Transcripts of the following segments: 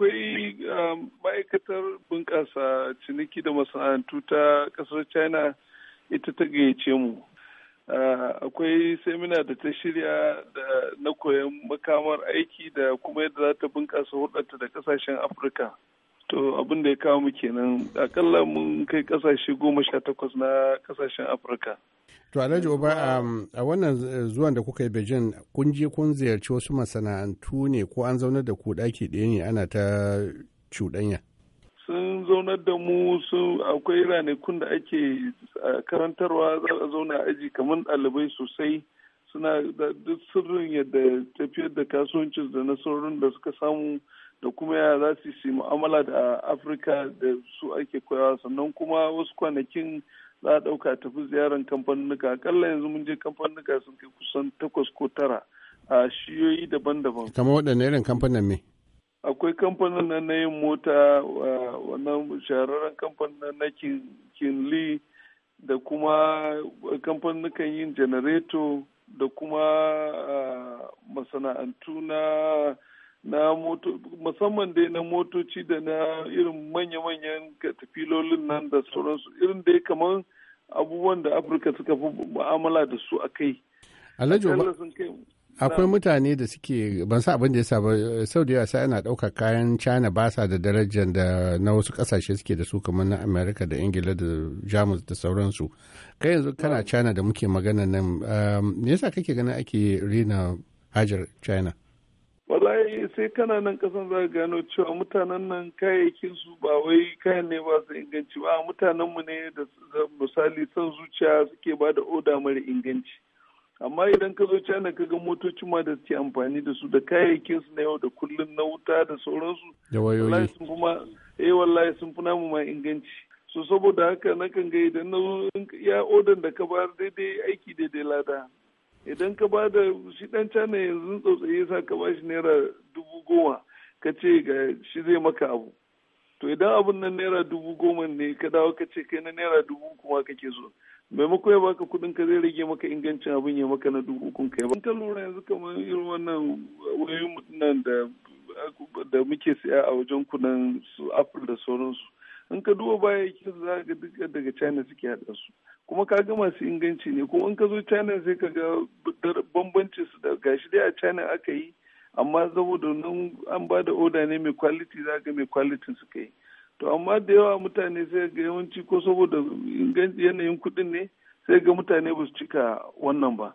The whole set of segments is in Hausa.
akwai um, ma'aikatar bunƙasa ciniki da masana'antu ta ƙasar china ita ta gayyace mu uh, akwai semina da ta shirya da na koyon makamar aiki da kuma yadda za ta bunƙasa hulɗarta da ƙasashen afirka to abin da ya kawo mu kenan akalla mun kai kasashe goma sha takwas na kasashen afirka to alhaji oba um, a wannan eh, zuwan da kuka yi beijing kun je kun ziyarci wasu masana'antu ne ko an zaunar da ku ɗaki ɗaya ne ana ta cuɗanya sun zaunar da mu su akwai ranakun da ake karantarwa za a zauna aji kamar ɗalibai sosai suna da duk sirrin yadda tafiyar da kasuwancin da nasarorin da suka samu da kuma ya za su yi mu'amala da afirka da su ake koyawa sannan kuma wasu kwanakin za a ɗauka tafi ziyarar kamfanunuka akalla yanzu mun je kamfanunuka sun kai kusan takwas ko tara a shiyoyi daban-daban kamar waɗanne irin kamfanin me akwai kamfanin na yin mota wannan shahararren kamfanin na li da kuma kamfanin yin janareto da kuma masana'antu na na moto musamman dai na motoci da na irin manya-manyan katafilolin nan da sauransu irin dai kamar abubuwan da afirka suka fi mu'amala da su a kai akwai mutane da suke ban sa abin da ya sa ba sau da yawa sai ana ɗauka kayan china ba sa da darajar da na wasu ƙasashe suke da su kamar na america da ingila da jamus da sauransu kai yanzu kana china da muke magana nan um, me yasa kake ganin ake rina hajar china wallahi sai kana nan kasan za gano cewa mutanen nan kayayyakin su ba wai kayan ne ba su inganci ba mutanen mu ne da misali son zuciya suke ba da oda mara inganci amma idan ka zo cana ka ga motocin ma da suke amfani da su da kayayyakin su na yau da kullun na wuta da sauransu da wayoyi sun kuma eh wallahi sun fi namu ma inganci so saboda haka na kan ga idan na ya odan da ka bayar daidai aiki daidai lada idan ka ba da shi dan cana yanzu tsautsayi sa ka ba shi naira dubu goma ka ce ga shi zai maka abu to idan abun nan naira dubu goma ne ka dawo ka ce kai na naira dubu kuma kake so maimakon ya baka kudin ka zai rage maka ingancin abin ya maka na dubu kun kai ba ka lura yanzu kamar irin wannan wayoyin mutunan da da muke siya a wajen kunan su apple da sauransu in ka duba bayayyakin za ga duka daga china suke haɗa su kuma ka ga masu inganci ne kuma in ka zo china sai ka ga bambanci su da gashi dai a china aka yi amma saboda nan an ba da oda ne mai kwaliti za ga mai kwalitin suka yi to amma da yawa mutane sai ga yawanci ko saboda yanayin kuɗin ne sai ga mutane ba su cika wannan ba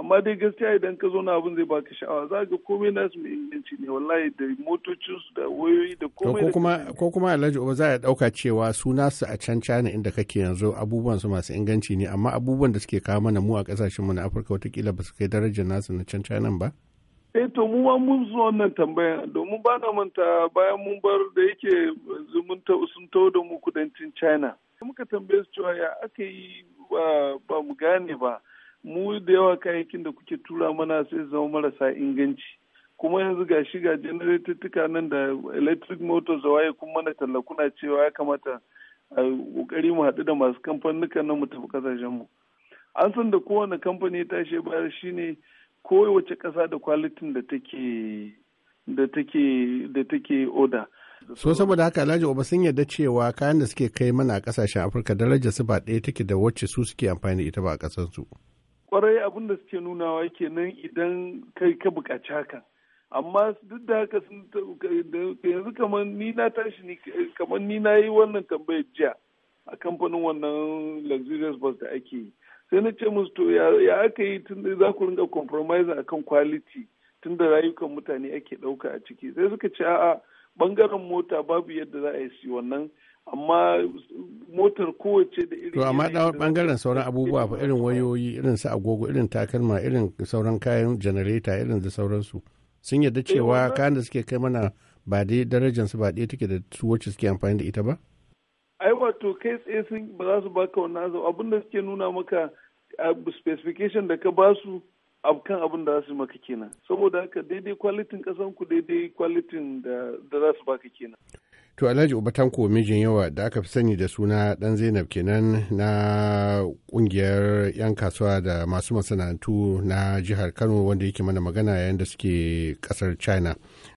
amma dai gaskiya idan ka zo na abin zai baka sha'awa za ga komai su mai inganci ne wallahi da motocin su da wayoyi da komai ko kuma ko kuma Alhaji Uba za ya dauka cewa su nasu a can China inda kake yanzu abubuwan su masu inganci ne amma abubuwan da suke kawo mana mu a kasashen mu na Afirka watakila ba su kai darajar nasu na can China ba eh to mu mun zo wannan tambaya domin ba na manta bayan mun bar da yake ta sun tawo da mu kudancin China muka tambaye su cewa ya aka yi ba mu gane ba mu da yawa kayayyakin da kuke tura mana sai zama marasa inganci kuma yanzu ga shi ga janaretuttuka nan da electric motors da waye kuma mana talla kuna cewa ya kamata a kokari mu haɗu da masu kamfanin nan mu tafi kasashen mu an san da kowane kamfani ta shi bayar shine kowace ƙasa da kwalitin da take da take da take oda so saboda haka alhaji oba sun yarda cewa kayan da suke kai mana a kasashen afirka darajar su ba ɗaya take da wacce su suke amfani da ita ba a ƙasarsu. su kwarai abin da suke nunawa kenan idan kai ka buƙaci hakan amma duk da haka sun yanzu kamar ni na tashi ni kamar ni na yi wannan tambayar jiya a kamfanin wannan luxurious bus da ake yi sai na ce musu to ya aka yi tun da za ku ringa compromise akan quality tun da rayukan mutane ake ɗauka a ciki sai suka ce a'a bangaren mota babu yadda za a yi wannan amma motar kowace da irin to amma da bangaren sauran abubuwa fa irin wayoyi irin su agogo irin takalma irin sauran kayan janareta irin da sauransu sun yarda eh, cewa kayan da suke kai mana ba dai darajar su ba dai take da su wacce suke amfani da ita ba ai wato kai tsaye sun ba za su baka wannan azab abin da suke nuna maka specification da ka ba su kan abin da za su maka kenan saboda haka daidai kwalitin kasan ku daidai kwalitin da za su baka kenan To Alhaji Ubatanko mijin yawa da aka fi sani da suna dan Zainab kenan na kungiyar 'yan kasuwa da masu masana'antu na jihar Kano wanda yake mana magana yayin da suke ƙasar China.